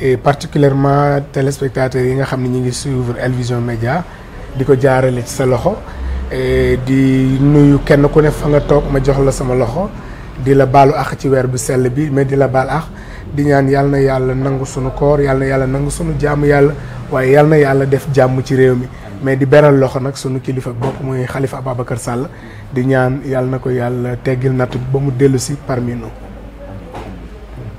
et particulièrement téléspectateurs yi nga xam ne ñu ngi suivre Elvision Media Média di ko jaarale ci sa loxo di nuyu kenn ku ne fa nga toog ma jox la sama loxo di la baalu ax ci weer bu sell bi mais di la baal ax di ñaan yàlla na yàlla nangu sunu koor yàlla na yàlla nangu sunu jàmm yàlla waaye yàlla na yàlla def jàmm ci réew mi mais di beral loxo nag sunu kilifa bokk muy xalifa Ababacar Sall di ñaan yàlla na ko yàlla teggil natt ba mu dellu si parmi nous.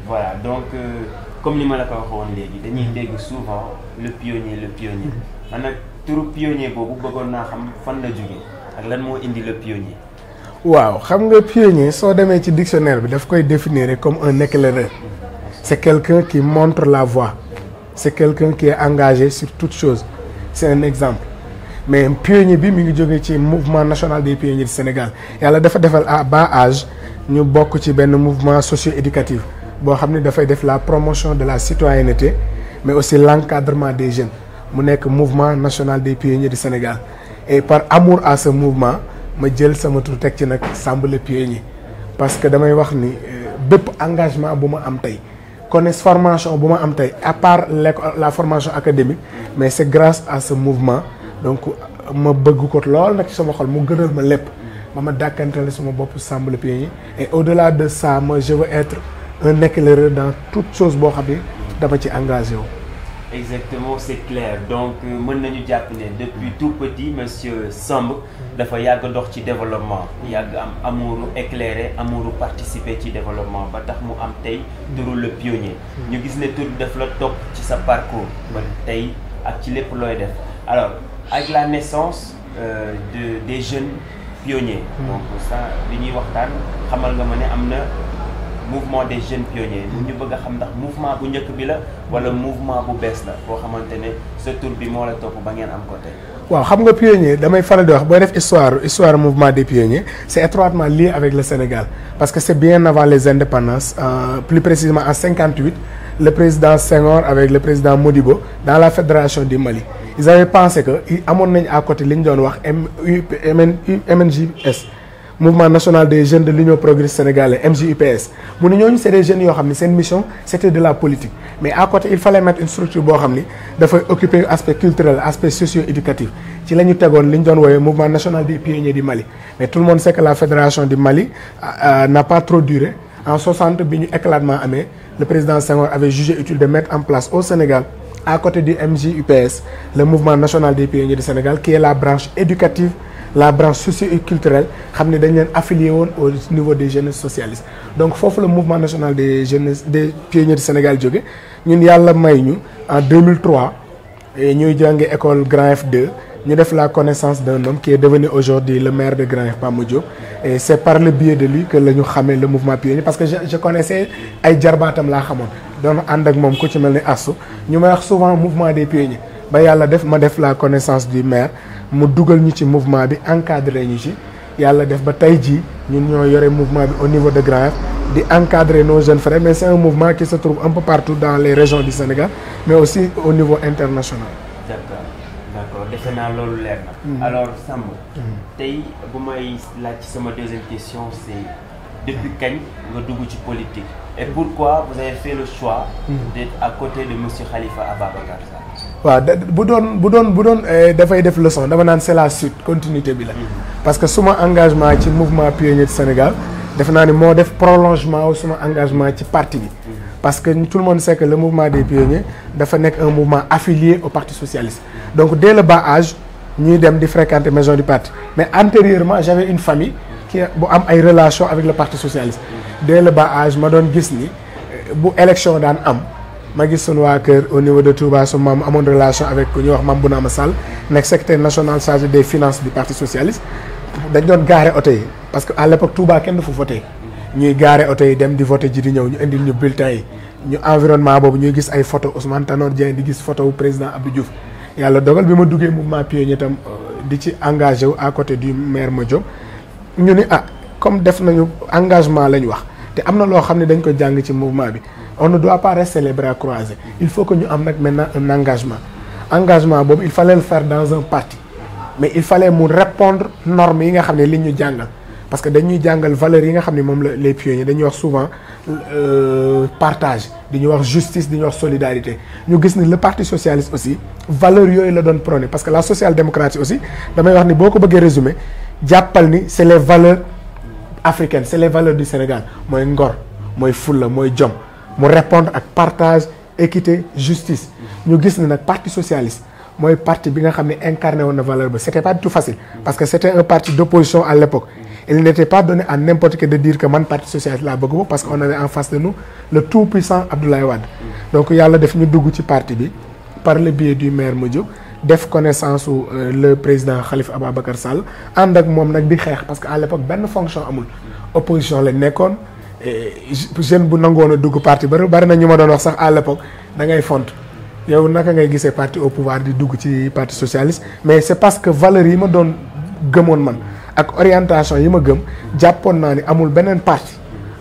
voilà donc. Euh comme je mala dit, ko on dañuy souvent le pionnier le pionnier man nag turu pionnier bobu bëggoon naa xam fan la pionnier ».« ak lan mo indi le pionnier. waaw xam nga pionnier soo demee ci dictionnaire bi daf koy définir comme un éclairé. C'est quelqu'un qui montre la voie C'est quelqu'un qui est engagé sur toute chose C'est un exemple mais un pionnier bi mi ngi le mouvement national des pionniers du Sénégal yàlla dafa defal à bas âge ñu bokk ci benn mouvement socio éducatif qui xam ne la promotion de la citoyenneté mais aussi l'encadrement des jeunes mon le mouvement national des pionniers du Sénégal et par amour à ce mouvement je jël sama tur que ci nag Sàmm les pionnier parce que damay wax ni euh, bépp engagement bu ma am formation bu ma am à part la formation académique mais c'est grâce à ce mouvement donc je bëgg ko lool nag ci sama xol mu gënal ma lépp ma ma pionnier et au-delà de ça moi, je veux être un éclaireur dans toute chose bon xam ne dama ci engagé exactement c'est clair donc euh, mën nañu jàpp ne depuis tout petit monsieur Samb y a dox ci développement y am amour éclairé, amour participer ci développement ba tax mu am tay turu le pionnier ñu gis les tout de la top ci sa parcours ba tey ak ci lépp def alors avec la naissance euh, de des jeunes pionniers hmm. donc ça li voir waxtaan xamal nga ma ne mouvement des jeunes pionniers nous ñu bëgg xam le mouvement bu njëkk bi la wala mouvement bu bees la boo xamante ce tour tur bi moo la topp ba ngeen am waaw xam nga pionnier damay faral di wax boy def histoire histoire mouvement des pionniers c'est étroitement lié avec le Sénégal parce que c'est bien avant les indépendances euh, plus précisément en 58 le président Senghor avec le président Modibo dans la fédération du Mali. ils avaient pensé que amoon nañ à côté liñ doon wax MNJS mouvement national des jeunes de l'union Progrès Sénégalais, MJUPS Pour nous, c'est des jeunes qui ont une mission c'était de la politique mais à côté il fallait mettre une structure qui occuper aspect culturel l'aspect socio-éducatif ci la ñu tegoon doon mouvement national des pionniers du Mali mais tout le monde sait que la fédération du Mali euh, euh, n'a pas trop duré en 60 éclatement le président Senghor avait jugé utile de mettre en place au Sénégal à côté du MJUPS le mouvement national des pionniers du Sénégal qui est la branche éducative la branche socio-culturelle qui est affiliée au niveau des jeunes socialistes donc que le mouvement national des jeunes des pionniers du Sénégal jóge ñun may en 2003 étions à l'école Grand F2 avons fait la connaissance d'un homme qui est devenu aujourd'hui le maire de Grand F et c'est par le biais de lui que nous avons le mouvement pionnier parce que je connaissais ay jarbaatam Donc, nous avons souvent ak mouvement des pionniers ba avons def la connaissance du maire nous avons mouvement bi encadré ñu ci mouvement au niveau de Grand encadrer nos jeunes frères mais c'est un mouvement qui se trouve un peu partout dans les régions du Sénégal mais aussi au niveau international. d'accord d'accord hmm. alors Samou, hmm. tey bu deuxième question c'est depuis quand nga êtes ci politique et pourquoi vous avez fait le choix. Hmm. d'être à côté de M. Khalifa Ababa wa bu bu eh, leçon c'est la suite continuité mm-hmm. parce que mon engagement ci mouvement pionnier du Sénégal def naa un prolongement de mon engagement ci parti mm-hmm. parce que tout le monde sait que le mouvement des pionniers est un mouvement affilié au parti socialiste. donc dès le bas âge nous dem fréquenté fréquenter maison du parti mais antérieurement j'avais une famille. qui bu am relations avec le parti socialiste. Mm-hmm. dès le bas âge ma gis ni eh, bu élection daan am ma gis au niveau de Touba su maam amoon relation avec ku ñuy wax maam Bounama Sall nekk secrétaire national chargé des finances du parti socialiste dañ doon gaare oto yi parce que à l'époque Touba kenn du fu voté ñuy gaare oto yi dem di voté ji di ñëw ñu indil ñu bulletin yi ñu environnement boobu ñuy gis ay photo Ousmane Tanor Dieng di gis photo président Abdou Diouf yàlla dogal bi ma duggee mouvement pionnier tam euh, di ci engagé wu à côté du maire Madiop ñu ni ah comme def nañu engagement lañ wax te am na loo dañ ko jàng ci mouvement bi on ne doit pas rester les bras croisés. Il faut que nous mettions maintenant un engagement. Engagement, il fallait le faire dans un parti. Mais il fallait nous répondre aux normes Parce que nous avons les valeurs que les pionniers. Nous avons souvent euh, partage, nous avons justice, nous avons solidarité. Nous avons le Parti Socialiste aussi, valeurs il les donne prôner. Parce que la social-démocratie aussi, je vais beaucoup résumer, c'est les valeurs africaines, c'est les valeurs du Sénégal. Moi, Ngor, moi, suis moi, Djom mu répondre avec partage équité justice ñu gis que nak parti socialiste moy parti bi nga incarné valeur ba c'était pas tout facile parce que c'était un parti d'opposition à l'époque il n'était pas donné à n'importe qui de dire que man parti socialiste l'a bëgg parce qu'on avait en face de nous le tout puissant Abdoulaye Wade donc yalla def ñu dugg ci parti bi par le biais du maire Modjo def connaissance su euh, le président Khalifa Ababacar Sall ànd ak moom nag di xeex parce que à l'époque ben fonction amul opposition la nékkone eh, jeune bu nangoon a dugg parti bari bari na ñuma doon wax sax à l'époque da ngay font yow naka ngay gisee parti au pouvoir di dugg ci parti socialiste mais c'est parce que valérie yi ma doon man ak orientation yi ma gëm n'a ni amul benen parti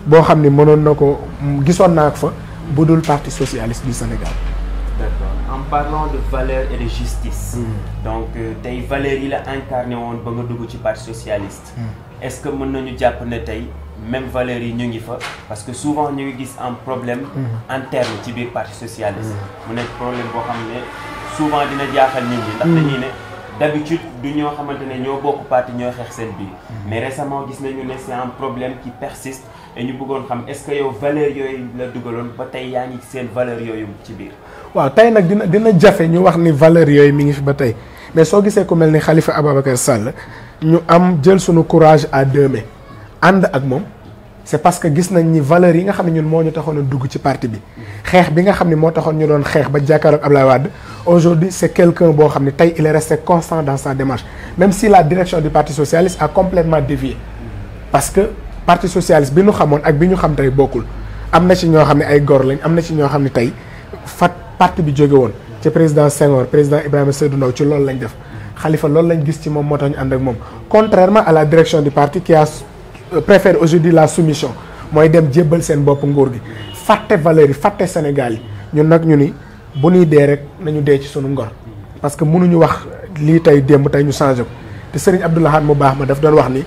bo xamni ni nako na mm, nak fa budul parti socialiste du Sénégal. en parlant de valeur et de justice. Mm. donc euh, tay valeurs yi la incarné won ba nga dugg ci parti socialiste. Mm est-ce que mën nañu jàpp ne tey même valeurs yi ñu ngi fa parce que souvent ñu ngi gis un problème mm-hmm. interne ci biir parti socialiste mm-hmm. mu nekk problème boo xam souvent dina jaaxal nit ñi ndax dañuy ne mm-hmm. d'habitude du ñoo xamante ne ñoo bokk parti ñoo xeex seen biir mais récemment gis nañu ne c'est un problème qui persiste et ñu bëggoon xam est-ce que yow valeur yooyu la dugaloon ba tey yaa seen valeur yooyu ci biir waaw tey nag dina dina jafe ñu wax ni valeur yooyu mi ngi fi ba tey mais soo gisee ku mel Khalifa Ababakar Sall ñu am jël suñu courage à deux mains And ak mom c'est parce que gis nañ ni valeur yi nga xamni ñun moo ñu taxoon dugg ci parti bi xex bi nga xamni mo taxone ñu doon xex ba jàkkaarloog Abdoulaye Wade aujourd'hui c'est quelqu'un bo xamni tay il est resté constant dans sa démarche même si la direction du parti socialiste a complètement dévié parce que parti socialiste bi ñu xamone ak bi ñu xam tay bokul amna ci ño xamni ay gor lañ amna ci ño xamni tay fat parti bi jogé won ci président Senghor président Ibrahima Seydou Ndaw ci loolu lañ def Khalifa loolu lañ gis ci moom moo tax ñu ak moom contrairement à la direction du parti qui a euh, préfère aujourd'hui la soumission mooy dem jébbal seen bopp nguur gi fàtte valeur yi fàtte Sénégal yi ñun nag ñu ni bu ñuy dee rek nañu dee ci sunu ngor parce que mënuñu wax lii tey démb tey ñu changé ko te Serigne abdoulah mo mu baax ma daf doon wax ni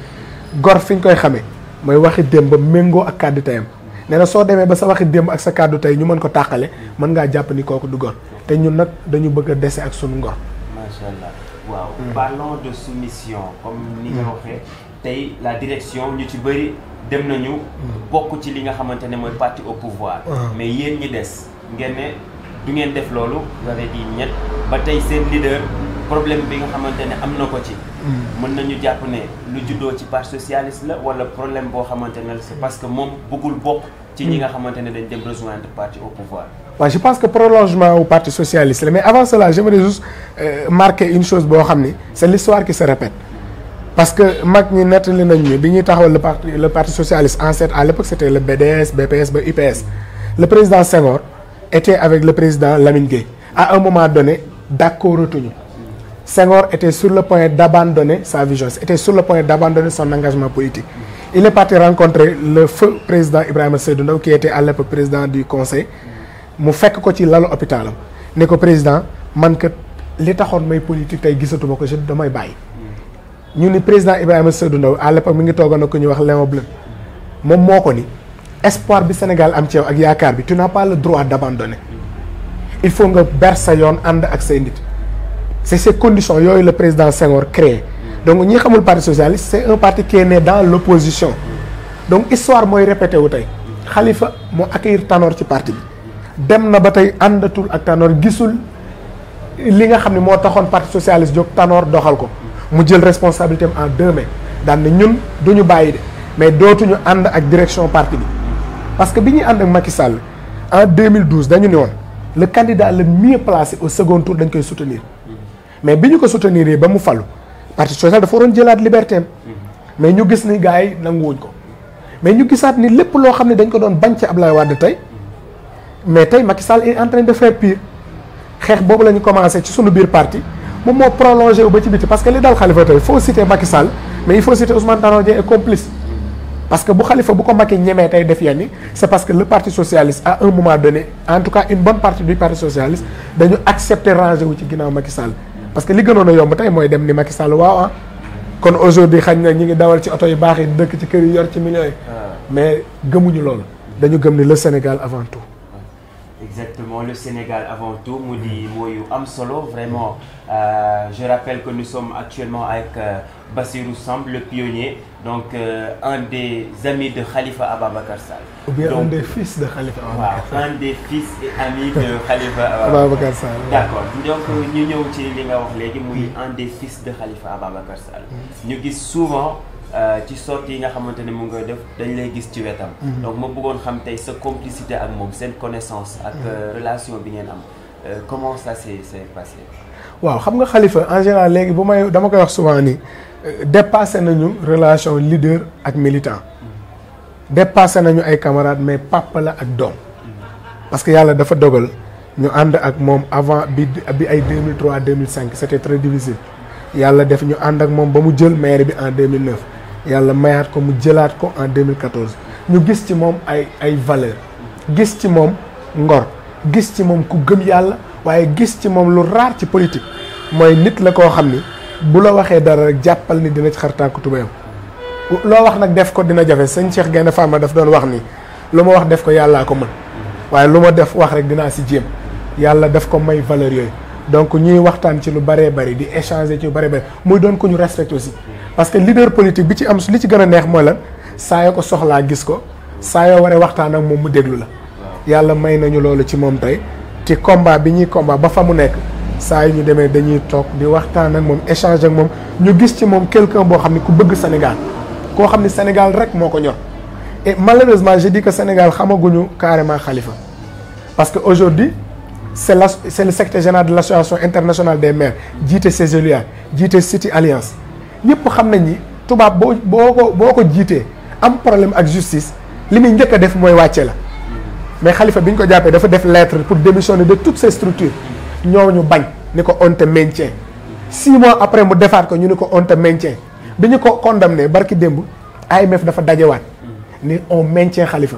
gor fi ñu koy xamee mooy waxi démb méngoo ak kàddu tayam nee na soo demee ba sa waxi démb ak sa kàddu tey ñu mën ko tàqale mën ngaa jàpp ni kooku du gor Et ñun nag dañu bëgg nous ak wow. ngor. ballon de soumission comme nous l'avons mm. la direction ñu ci bëri dem nañu. Mm. ci au pouvoir. Ah. mais des du def vous avez dit ba Vous seen leader problème bi nga mën nañu jàpp ne lu juddoo ci parti socialiste la wala problème boo xamante ne c'est parce que moom bëggul bokk ci ñi nga xamante ne dañ dem rejoindre parti au pouvoir waaw je pense que prolongement au parti socialiste la mais avant cela j'aimerais juste euh, marquer une chose boo xam c'est l'histoire qui se répète parce que mag ñi nettali nañ ñu bi ñuy taxawal le parti le parti socialiste en cette à l'époque c'était le BDS BPS ba UPS le président Senghor était avec le président Lamine Gueye à un moment donné d'accord tuñu Senghor était sur le point d'abandonner sa vision, était sur le point d'abandonner son engagement politique. Il est parti rencontrer le feu président Ibrahim Seydou qui était à l'époque président du conseil mu fekk ko ci lalu hôpital l'hôpital, ne ko président man kat li taxone may politique tay gisatuma ko je damay bay ñu ni président Ibrahim Seydou à l'époque mi ngi toogoon ko problème. wax Léon Bleu moom ni espoir bi Sénégal am ci yow ak bi tu n'as pas le droit d'abandonner il faut nga tu and yoon ak c'est ces conditions que le président Senghor créé donc ñi le parti socialiste c'est un parti qui est né dans l'opposition donc histoire mooy répété aujourd'hui. Khalifa accueilli accueillir Tanor ci parti Il a na ba tey àndatul ak Tanor gisul li nga xam ne moo parti socialiste jóg Tanor doxal ko mu jël responsabilité en deux mains daan na ñun du ñu bàyyi de mais dootuñu avec la direction parti parce que quand ñuy ànd ak Macky Sall en 2012 dañu le candidat le mieux placé au second tour dañ koy soutenir mais biñu ko soutenir ba mu fallu parti social dafa waroon jëlat liberté mais ñu gis ni gaay yi nanguwuñ ko mais ñu gisaat ni lepp lo xam dañ ko doon bañ ci Ablaye Wade mais tay Macky Sall est en train de faire pire xex bobu lañu commencé ci sunu bir parti mo mo prolongé wu ba ci biti parce que li dal Khalifa tay il faut citer Macky Sall mais il faut citer Ousmane Tanor Dieng et complice parce que bu Khalifa bu ko Macky ñemee tay def yenn c'est parce que le parti socialiste à un moment donné en tout cas une bonne partie du parti socialiste dañu accepter ranger wu ci ginnaaw Macky Sall parce que ce que nous plus important, c'est dem ni Macky Sall ah. aujourd'hui ñi ah. mais le Sénégal avant tout Exactement, le Sénégal avant tout, Moudi Moyou mm. Amsolo, vraiment, mm. euh, je rappelle que nous sommes actuellement avec euh, Bassirou Samb, le pionnier, donc euh, un des amis de Khalifa Ababakar Sall. Ou bien un des fils de Khalifa Ababakar Sall. Mm. un des fils et amis de Khalifa Ababakar Sall. D'accord, donc nous sommes un des fils de Khalifa Ababakar Sall. Nous disons souvent euh, ci sorte yi nga xamante ne mu ngi def dañ lay gis ci wetam. Mhm. donc ma bëggoon xam tey sa complicité ak moom seen connaissance. ak mhm. euh, relation bi ngeen am euh, comment ça s'est s'est passé. waaw xam nga Khalifa en général léegi bu may dama koy wax souvent ni dépassé nañu relation leader ak militant. Mhm. dépassé nañu ay camarades mais papa la ak doom. parce que yàlla dafa dogal ñu ànd ak moom avant bi bi ay 2003 2005 c'était très difficile yàlla def ñu ànd ak moom ba mu jël maire bi en 2009 yàlla mayaat ko mu jëlaat ko en 2014 ñu gis ci moom ay ay valeur gis ci moom ngor gis ci moom ku gëm yalla waye gis ci moom lu raar ci politique moy nit la ko xamni bu la waxé dara rek jappal ni dina ci ku tubéyam lo wax nak def ko dina jafé seigne Cheikh Gaynde fama daf doon wax ni luma wax def ko yalla ko man waye luma def wax rek dina ci jëm yalla daf ko may valeur yooyu donc ñuy waxtaan ci lu bare bare di échanger ci bare bare bëri muy doon ko ñu respect aussi parce que leader politique bi ci am li ci gëna neex mooy lan saa yoo ko soxla gis ko saa yoo waree waxtaan ak mom mu déglu la yalla may nañu loolu ci mom tay ci combat bi ñi combat ba fa mu nekk saa yu ñu demee dañuy tok di waxtaan ak mom échanger ak mom ñu gis ci mom quelqu'un bo xamni ku bëgg Sénégal ko xamni Sénégal rek moko ñor et malheureusement je dis que Sénégal xamaguñu carrément Khalifa parce que aujourd'hui c'est le secteur général de l'association internationale des maires JT CESELUA JT City Alliance ñëpp xam nañ ni tubaab boo boo ko boo ko jiitee am problème ak justice li muy a def mooy la mais Khalifa bi ñu ko jàppee dafa lettre pour démissionner de toutes ces structures ñoo ñu bañ ni ko on te maintient six mois après mu defaat ko ñu ni ko on te maintient Ils ñu ko condamné barki démb AMF dafa dajewaat ni on maintient Khalifa.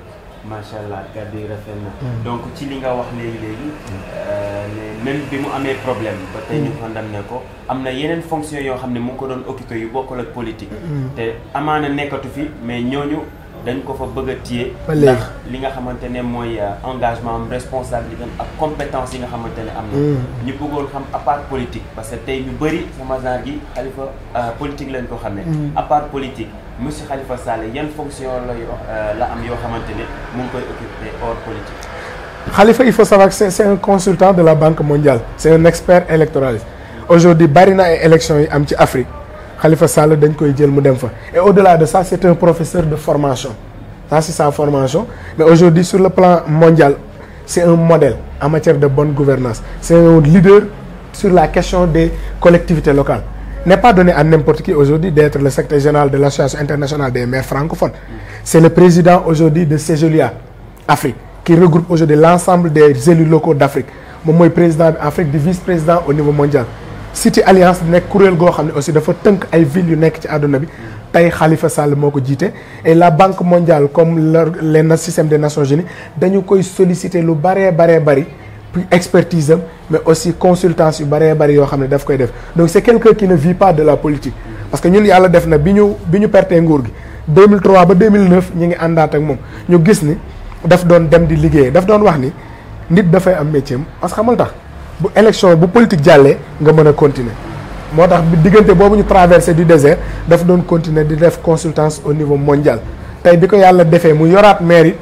macha allah gàddu mm. donc ci li nga wax légui léegi. Euh, ne même bi mu amee problème. ba tey ñu mm. né ko amna yenen fonction yo xamné mu ko don occupé yu bokkul ak politique. Mm. té amana nekkatu fi mais ñoñu dañ ko fa bëgg a téye ndax li nga xamante ne mooy euh, engagement responsabilité ak compétence yi nga xamante ne ñu bëggol xam à part politique parce que tay ñu bëri sama genre gi khalifa euh, politique lañ ko xamné à part politique monsieur Khalifa Sall quelle fonction la euh, la am hors politique. Khalifa il faut savoir que c'est un consultant de la Banque mondiale c'est un expert électoraliste aujourd'hui Barina élection élection Afrique Khalifa Sall dañ koy mu dem et au-delà de ça c'est un professeur de formation c'est sa formation mais aujourd'hui sur le plan mondial c'est un modèle en matière de bonne gouvernance c'est un leader sur la question des collectivités locales n'est pas donné à n'importe qui aujourd'hui d'être le secrétaire général de l'Association internationale des maires francophones. C'est le président aujourd'hui de Sejolia, Afrique, qui regroupe aujourd'hui l'ensemble des élus locaux d'Afrique. moom mooy président d'Afrique du vice-président au niveau mondial Cité Alliance nekk kuréel goo xam aussi dafa tënk ay villes yu nekk ci bi Khalifa Sall et la banque mondiale comme le système des nations unies dañu koy solliciter lu baré, baré, baré expertise mais aussi consultance yu bëree bëri yoo daf koy def donc c'est quelqu'un qui ne vit pas de la politique parce que ñun yàlla def na biñu biñu bi ñu nguur 2003 ba 2009 ñi ngi àndaat ak moom ñu gis ni daf doon dem di liggéey daf doon wax ni nit fay am métier parce que xamal tax bu élection bu politique jallé nga mën continuer motax bi digënté boobu ñu traverser du désert daf doon continuer di def consultance au niveau mondial tay biko yalla défé mu yorat maire yi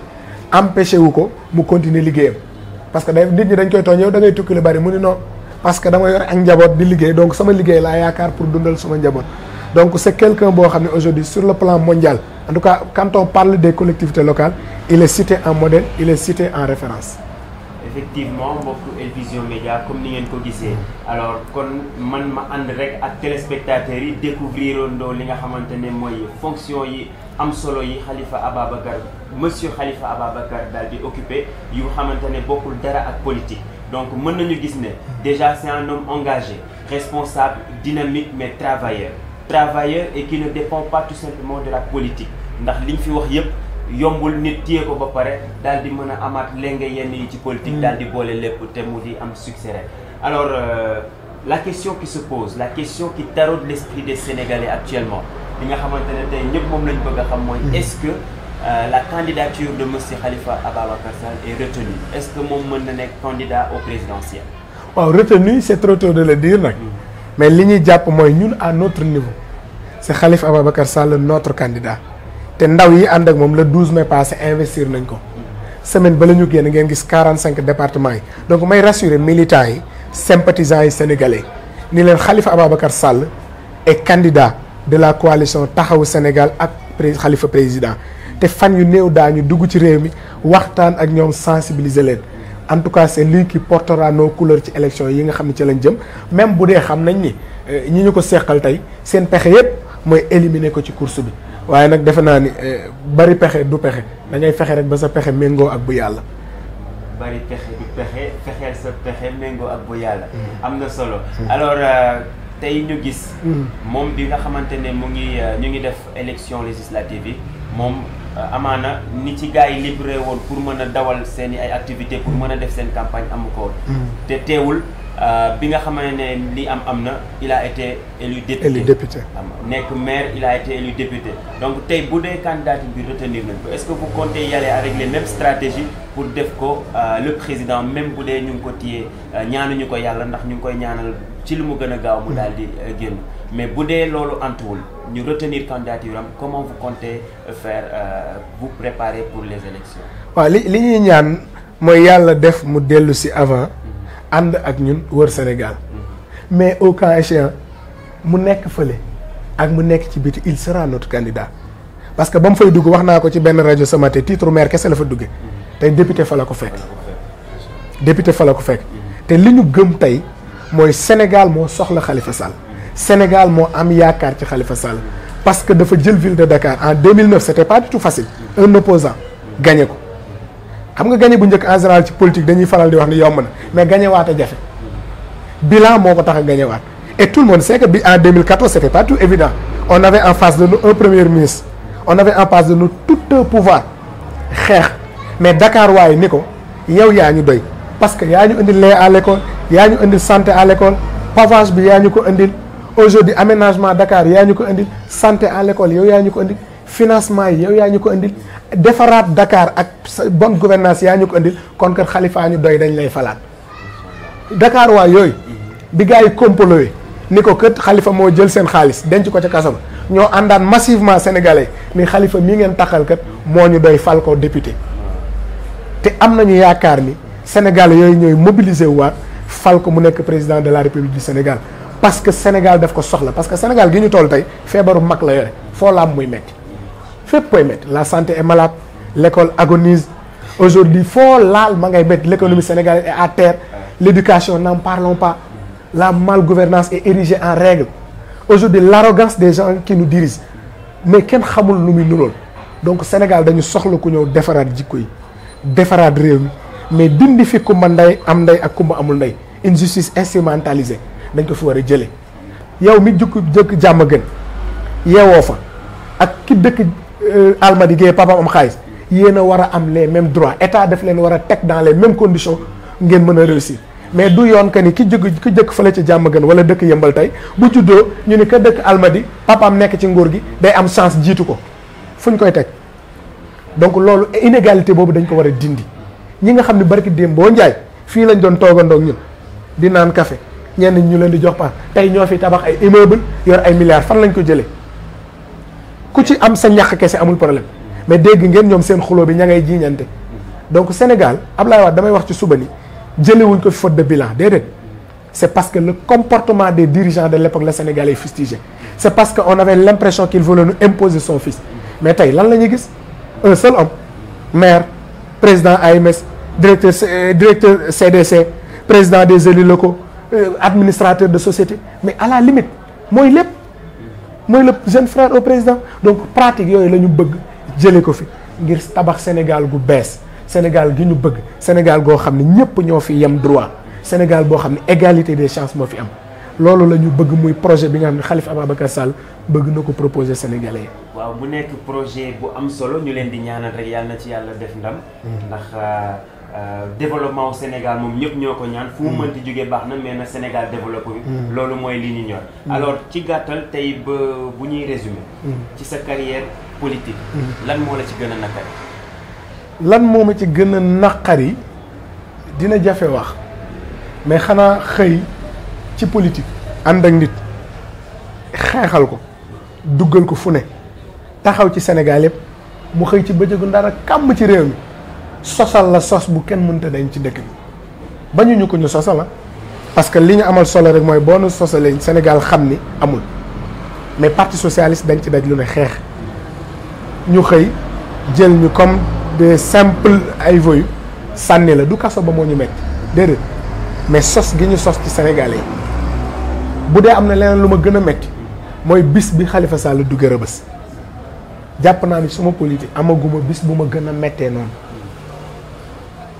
empêché wu ko mu continuer liggéeyam parce que day nit ñi dañ koy tooñ yow da ngay tukki lu bari mu ni non parce que dama yor ak njabot di liggéey donc sama liggéey la yaakaar pour dundal sama njabot donc c'est quelqu'un boo xam aujourd'hui sur le plan mondial en tout cas quand on parle des collectivités locales il est cité en modèle il est cité en référence effectivement beaucoup télévision Média comme ni ngeen ko alors kon man ma and rek ak téléspectateurs yi découvrir ndoo li nga xamante moy fonction yi am solo yi Khalifa monsieur Khalifa ababakar Bakar di occupé yu xamante bokul dara ak politique donc mon nañu de né déjà c'est un homme engagé responsable dynamique mais travailleur travailleur et qui ne dépend pas tout simplement de la politique ndax liñ fi wax yépp yombul nit a ko ba qui dal di mën amat amaat yenn ci politique mm. de di bolé lépp té mu am succès alors euh, la question qui se pose la question qui taraude l'esprit des Sénégalais actuellement li nga mom lañ bëgg xam mm. est-ce que euh, la candidature de monsieur Khalifa Bakar Sall est retenue est-ce que moom mën na candidat au présidentiel Retenu, retenue c'est trop tôt de le dire mm. mais li ñuy jàpp à notre niveau c'est Khalifa Bakar Sall notre candidat te ndaw yi ànd ak moom le 12 mai passé investir nañ ko semaine ba la ñu génn ngeen gis 45 départements yi donc may rassurer militants yi sympathisants yi sénégalais ni leen xalifa Ababacar Sall est candidat de la coalition taxawu Sénégal ak xalifa président te fan yu néew daañu dugg ci réew mi waxtaan ak ñoom sensibiliser leen en tout cas c'est lui qui portera nos couleurs ci élection yi nga xam ne ci lañ jëm même bu dee xam nañ ni euh, ñi ñu ko seqal tey seen pexe yépp mooy éliminer ko ci course bi waaye nag defe naa ni eh, bari pexe du pexe da fexe rek ba sa pexe méngoo ak bu yàlla. bari pexe du pexe fexeel sa pexe méngoo ak bu yàlla. Mm-hmm. am na solo mm-hmm. alors euh, tey ñu gis. Mm-hmm. moom bi nga xamante ne mu ngi euh, ñu ngi def élection législative yi moom. Euh, amaana ni ci gars yi libéré woon pour mën a dawal seen ay activité pour mën a def seen campagne amu ko te teewul Euh, il a été élu député élu maire il a été élu député donc si vous dee candidat bi retenir est-ce que vous comptez y aller avec les mêmes stratégies pour def ko euh, le président même si nous ñu ngi ko téye euh, ñaanuñu ko yàlla ndax ñu koy ñaanal ci li mu di mais si dee loolu nous ñu retenir candidature comment vous comptez faire vous préparer pour les élections ce que nous ñuy ñaan mooy yàlla def avant ànd ak ñun wër Sénégal mais aucun cas échéant mu nekk fële ak mu nekk ci biti il sera notre candidat parce que ba mu fay dugg wax naa ko ci benn rajo ce matin titre maire kese la fa duggee tey député fa la ko fekk député fa la ko fekk te li ñu gëm tey mooy Sénégal moo soxla Khalifa Sall Sénégal moo am yaakaar ci Khalifa Sall parce que dafa jël ville de Dakar en 2009 c'était pas du tout facile un opposant gagné ko xam nga gagné bu ñëk en général ci politique dañuy faral di wax ni yomb na mais gagné à a bilan moko tax gagné et tout le monde sait que bi en 2014 c'était pas tout évident on avait en face de nous un premier ministre on avait en face de nous tout un pouvoir mais Dakar waaye ni ko yow yaa ñu doy parce que ya ñu indi lait à l'école yaa ñu indi santé à l'école pavage bi yaa ñu ko indil aujourd'hui aménagement Dakar yaa ñu ko indil santé à l'école yow yaa ñu ko indil financement yi yow yaa ñu ko indil defaraat dakaar ak bon gouvernance yaa ñu ko indil kon kat xalifaa ñu doy dañ lay falaat Dakar waa yooyu bi gars yi complot ni ko kët xalifa moo jël seen xaalis denc ko ca kasam ñoo àndaan massivement sénégalais ni xalifa mii ngeen taxal kat moo ñu doy fal ko député te am na ñu yaakaar ni sénégalais yooyu ñooy mobiliser waat fal ko mu nekk président de la république du Sénégal parce que Sénégal def ko soxla parce que Sénégal gi ñu toll tey feebaru mag la yore foo muy metti Fait koy mettre la santé est malade l'école agonise aujourd'hui foo laal ma ngay l'économie sénégalaise est à terre l'éducation n'en parlons pas la malgouvernance est érigée en règle aujourd'hui l'arrogance des gens qui nous dirigent mais kenn xamul lu nous nulool donc Sénégal dañu soxla ku ñëw defaraat jikko yi defaraat réew mi mais dindi fi kumba nday am nday ak kumba amul nday justice instrumentalisée dañ ko fi y a jëlee yow mi jukk jëkk gën yeewoo fa ak ki Euh, almadi Guèye papaam am xaalis yéen a war a am les mêmes droits état daf leen war a teg dans les mêmes condition ngeen mën a réussir mais du yoon que ni ki jëkk ki jëkk fële ca jàmm gën wala dëkk yëmbal tey bu juddoo ñu ni ka dëkk almadi papaam nekk ci nguur gi day am chance jiitu ko fu ñu koy teg donc loolu inégalité boobu dañ ko war a dindi ñi nga xam ne barki démb boo njaay fii lañ doon toogandoog ñun di naan café ñenn ñu leen di jox paas tey ñoo fi tabax ay immeuble yor ay milliards fan lañ ko jëlee mais donc Sénégal damay wax de bilan c'est parce que le comportement des dirigeants de l'époque la Sénégal est fustigé c'est parce qu'on avait l'impression qu'il voulait nous imposer son fils mais tu lan la un seul homme maire président AMS directeur CDC euh, président des élus locaux euh, administrateur de société mais à la limite moi il est mooy le jeune frère au président donc pratique yoy lañu bëgg jëlé ko fi ngir tabax Sénégal gu bees Sénégal gi ñu bëgg Sénégal go xamni ñëpp ñoo fi yem droit Sénégal bo xamni égalité des chances mo fi am loolu lañu bëgg muy projet bi nga xam ne Khalifa Sall bëgg na proposer Sénégalais waaw mu nekk projet bu am solo ñu leen di ñaanal rek yalla na ci yalla def ndam. Mm-hmm. ndax. Euh, euh, développement au Sénégal moom ñëpp ñoo ko ñaan fu mu mm. mënti jógee baax na mais na Sénégal développé mm. loolu mooy li ñu ñor mm. alors ci gàttal tey ba bu ñuy résumé ci sa carrière politique lan moo la ci gën a naqari lan moo ma ci gën a naqari dina jafe wax mais xanaa xëy ci politique ànd ak nit xeexal ko duggal ko fu ne taxaw ci Sénégal yëpp mu xëy ci bëccëgu ndara kàmb ci réew mi sosal la sos bu kenn mënta dañ ci dëkk bi bañuñu ko ñu sosal la parce que li ñu amal solo rek mooy boo nu sosalee Sénégal xam ni amul mais parti socialiste dañ ci daj lu ne xeex ñu xëy jël ñu comme des simples ay voyous sànni la du kaso ba moo ñu metti déedéet mais sos gi ñu sos ci Sénégalais yi bu dee am na leneen lu ma gën a metti mooy bis bi xalifa Sall du gërëbës jàpp naa ni suma politique amaguma bis bu ma gën a mettee noonu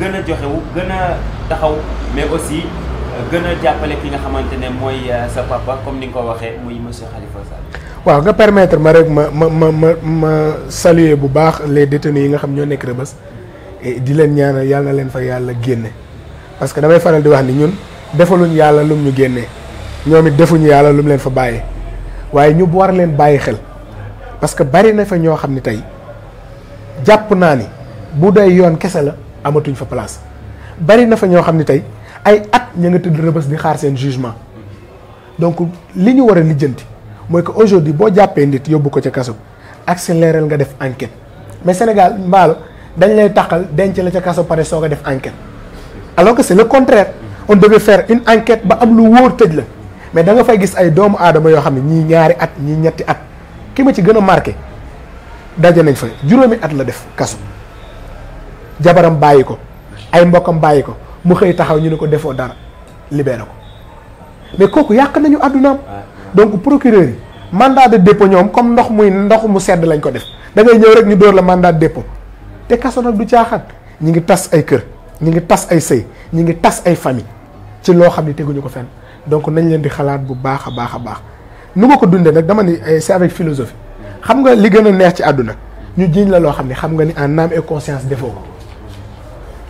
gëna joxé wu gëna taxaw mais aussi euh, gëna jappalé ki nga xamantene moy euh, sa papa comme ni nga ko waxee monsieur Khalifa Sall. waaw nga permettre ma rek ma ma ma ma saluer bu baax les détenus yi nga xam ñoo rebeus et di leen ñaanal yàlla na leen fa yàlla génne parce que damay faral di wax ni ñun defaluñ yàlla lum ñu génnee ñoom defuñ defuñu lu lum leen fa bayé waye ñu war leen bàyyi xel parce que bari na fa ño xamni tay japp jàpp ni bu day yoon kese la amatuñ fa place bari na fa ñoo xam ne tey ay at ña nga tëdd rëbës di xaar seen jugement donc li ñu war a que aujourd'hui boo jàppee nit yóbbu ko ca kaso accélérel nga def enquête mais Sénégal mbaalo dañ lay takal, denc la ca kaso pare soog a def enquête alors que c'est le contraire on devait faire une enquête ba am lu wóor tëj la mais da nga fay gis ay doomu aadama yoo xam ne ñii ñaari at ñii ñetti at ki ci gën marqué daje nañ fa at la def kaso jabaram bàyyi ko ay mbokkam bàyyi ko mu xëy taxaw ñu ne ko defoo dara libéré ko mais kooku yàq nañu àddunaam donc procureur yi mandat de dépôt ñoom comme ndox muy ndox mu sedd lañ ko def da ngay ñëw rek ñu dóor la mandat de dépôt te kaso nag du caaxaan ñu ngi tas ay kër ñu ngi tas ay sëy ñu ngi tas ay famille ci loo xam ne teguñu ko fenn donc nañ leen di xalaat bu baax a baax baax nu ma ko dundee nag dama ni eh, c'est avec philosophie xam nga li gën a neex ci àdduna ñu jiiñ la loo xam ne xam nga ni en âme et conscience defoo ko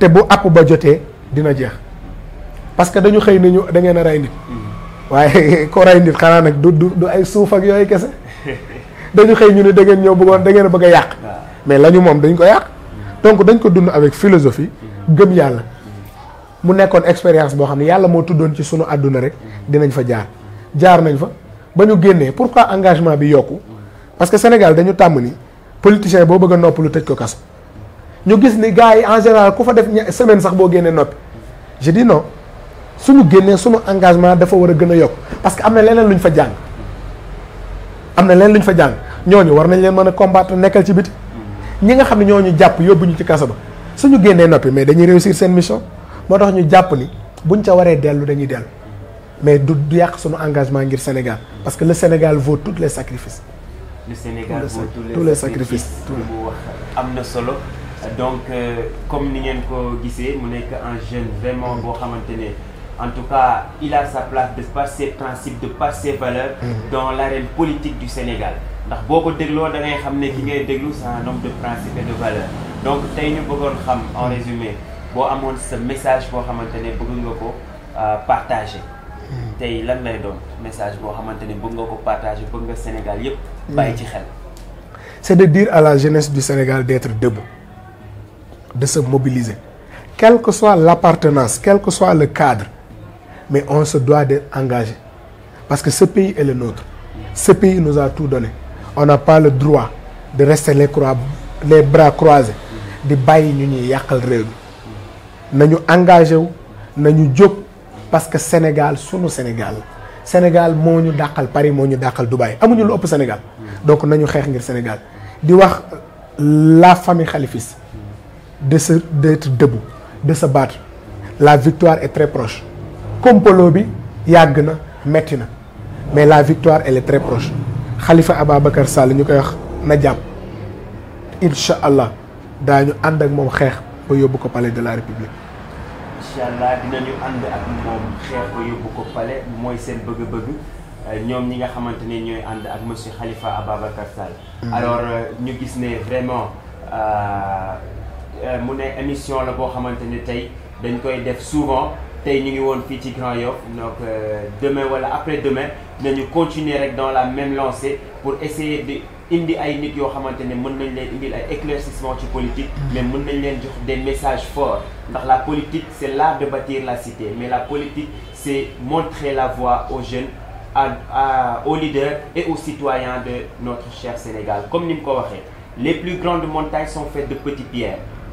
te bu app ba joté dina jeex parce que dañu xey ni ñu da ngay na ray nit waye ko ray nit xana nag du du ay souf ak yoy kessé dañu xey ñu ni da ngeen ñëw bëggoon da ngeen bëgg yaq mais la mom dañ ko yaq mm-hmm. donc dañ ko dund avec philosophie mm-hmm. gëm yalla mm-hmm. mu nekkoon expérience bo xamni yalla mo tudon ci sunu aduna rek dinañ fa jaar jaar nañ fa bañu génné pourquoi engagement bi yokku parce que Sénégal dañu tam ni politicien bo bëgg a noppalu ko kasso Nous gis en général semaine je dis non suñu engagement nous devons a gën parce que y na des fa Il na a des fa war nañ combattre nekkal ci biti ñi nga qu'ils ne un jàpp nous réussir cette mission ñu ni buñ ca dañuy mais nous devons engagement le Sénégal parce que le Sénégal vaut tous les sacrifices. le Sénégal vaut tous les sacrifices donc euh, comme ni ngeen ko gisee mu nek un jeune vraiment bon à en tout cas il a sa place de passer ses principes de passer ses valeurs mm-hmm. dans l'arène politique du Sénégal ndax beaucoup deglo da ngay xamné ne ki ngay déglu c'est un homme de principes et de valeurs. donc tay ñu bëggon xam en mm-hmm. résumé bo amone ce message pour xamantene bëgg nga ko euh, partager mm-hmm. tay lan lay doon message pour xamantene bëgg nga ko partager bëgg nga Sénégal yëpp bay ci xel c'est de dire à la jeunesse du Sénégal d'être debout de se mobiliser. Quelle que soit l'appartenance, quel que soit le cadre, mais on se doit d'être engagé. Parce que ce pays est le nôtre. Ce pays nous a tout donné. On n'a pas le droit de rester les, croix, les bras croisés, de bailler nous yakal Nous nous engagé parce que Sénégal le Sénégal. Sénégal c'est Paris c'est Dubaï amuñu lu Sénégal. Donc nous sommes ngir Sénégal. la famille Khalifis d'être debout, de se battre. La victoire est très proche. Kompolo bi yàgg na metti na mais la victoire elle est très proche Khalifa Ababakar Sall ñu avons wax na jàpp incha allah daañu ànd ak moom xeex ba yóbbu ko palais de la république. incha allah dinañu ànd ak pour xeex ba yóbbu ko palais mooy seen bëgg-bëgg. ñoom ñi nga xamante ne ñooy ànd ak monsieur Khalifa Abba Sall. Mm. alors nous euh, gis vraiment vraiment. Euh, euh, mu ne émission la boo xamante fait dañ koy def souvent tey ñu ngi woon ci Grand donc euh, demain wala après demain nous continuer dans la même lancée pour essayer de indi ay nit éclaircissement politique mais mën nañ leen des messages forts ndax la politique c'est l'art de bâtir la cité mais la politique c'est montrer la voie aux jeunes aux leaders et aux citoyens de notre cher Sénégal comme ni mu ko les plus grandes montagnes sont faites de petites pierres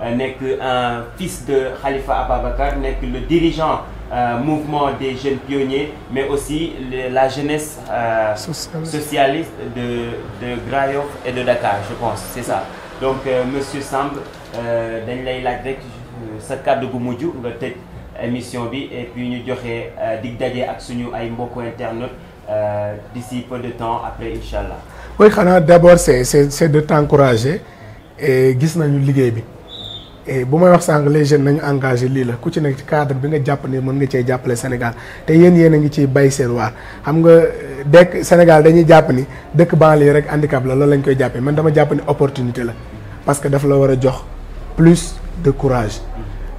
Euh, N'est qu'un fils de Khalifa N'est que le dirigeant euh, mouvement des jeunes pionniers mais aussi la jeunesse euh, socialiste de de et de Dakar je pense c'est ça donc monsieur Samb C'est lay cas de Goumoudjou de gu mujj nga émission et puis nous joxe dig daje ak suñu ay internet d'ici peu de temps après Inch'Allah oui d'abord c'est de t'encourager et gis nous liggéey bi. Eh, les jeunes engagé cadre Sénégal et Sénégal dañuy que ni rek handicap la lañ koy opportunité parce que daf plus de courage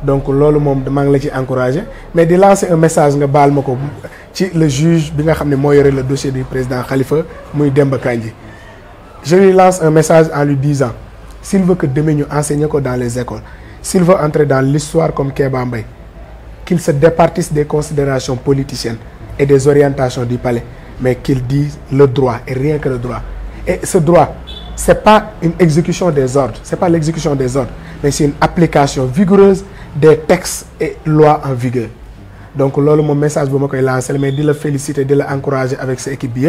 donc c'est ce que mais di lancer un message le juge qui a le dossier du président Khalifa Demba je lui lance un message en lui disant s'il veut que demain nous dans les écoles s'il veut entrer dans l'histoire comme Kébambé, qu'il se départisse des considérations politiciennes et des orientations du palais mais qu'il dise le droit et rien que le droit et ce droit ce n'est pas une exécution des ordres c'est pas l'exécution des ordres mais c'est une application vigoureuse des textes et lois en vigueur donc loolu mon message bu koy lancer mais di la féliciter di la encourager avec sa équipe bi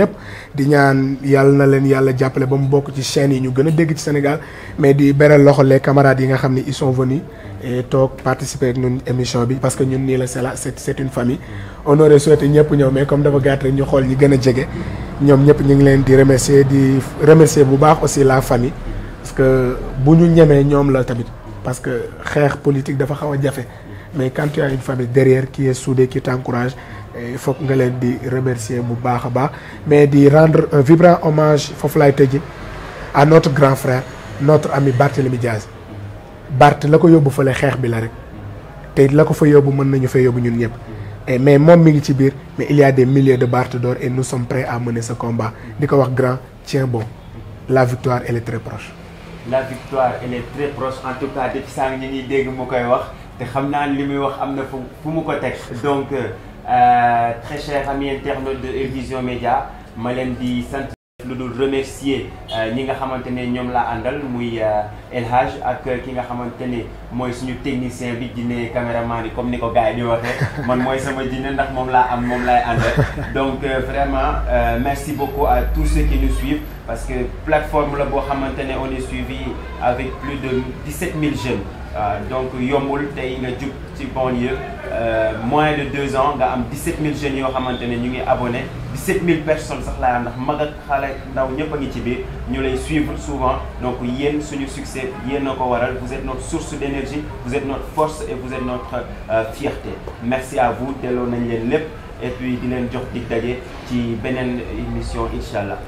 di ñaan yalla na len yalla jàppale ba mu ci chaîne yi ñu gëna dégg ci Sénégal mais di beral loxo les camarades yi nga xamni ils sont venus et tok participer ak ñun émission bi parce que ñun ni la c'est c'est une famille on aurait souhaité ñep ñëw mais comme dafa gàtt rek ñu xol ñi gëna djégé ñom ñep ñëpp ñu ngi len di remercier di remercier bu baax aussi la famille parce que bu ñu ñemee ñoom la tamit parce que xeex politique dafa xawa jafé mais quand tu as une famille derrière qui est soudée qui t'encourage eh, il faut que tu les remercier bu mais di rendre un vibrant hommage à notre grand frère notre ami Barthélemy Diaz Bart, la ko yóbbu fële xeex bi la rek te la ko fa yóbbu nañu fa ñun eh, mais mi mais il y a des milliers de Bart d'or et nous sommes prêts à mener ce combat di grand tiens bon la victoire elle est très proche. la victoire elle est très proche en tout cas depuis que ngi ñuy dégg mu koy te xam naa li muy wax am na fu fu mu ko teg donc euh, euh très cher ami internaute de El Vision Médias ma leen di sant lu dul remercier euh, ñi nga xamante ne ñoom laa àndal muy euh, elhage ak ki nga xamante ne mooy suñu technicien bi dine caméraman yi comme ni ko gars di waxee man mooy sama dine ndax moom laa am moom lay àndal donc vraiment merci beaucoup à tous ceux qui nous suivent parce que plateforme la boo xamante ne on est suivi avec plus de 17 000 jeunes euh, donc yombul y nga ci banlieue euh, moins de deux ans nga am 17000 jeunes yo xamantene ñu ngi abonné 000 personnes sax la ndax mag ak xalé ndaw ñepp ci ñu lay suivre souvent donc yeen suñu succès yeen nako waral vous êtes notre source d'énergie, vous êtes notre force et vous êtes notre euh, fierté merci à vous de nañ leen et puis di leen jox dig une ci benen émission inshallah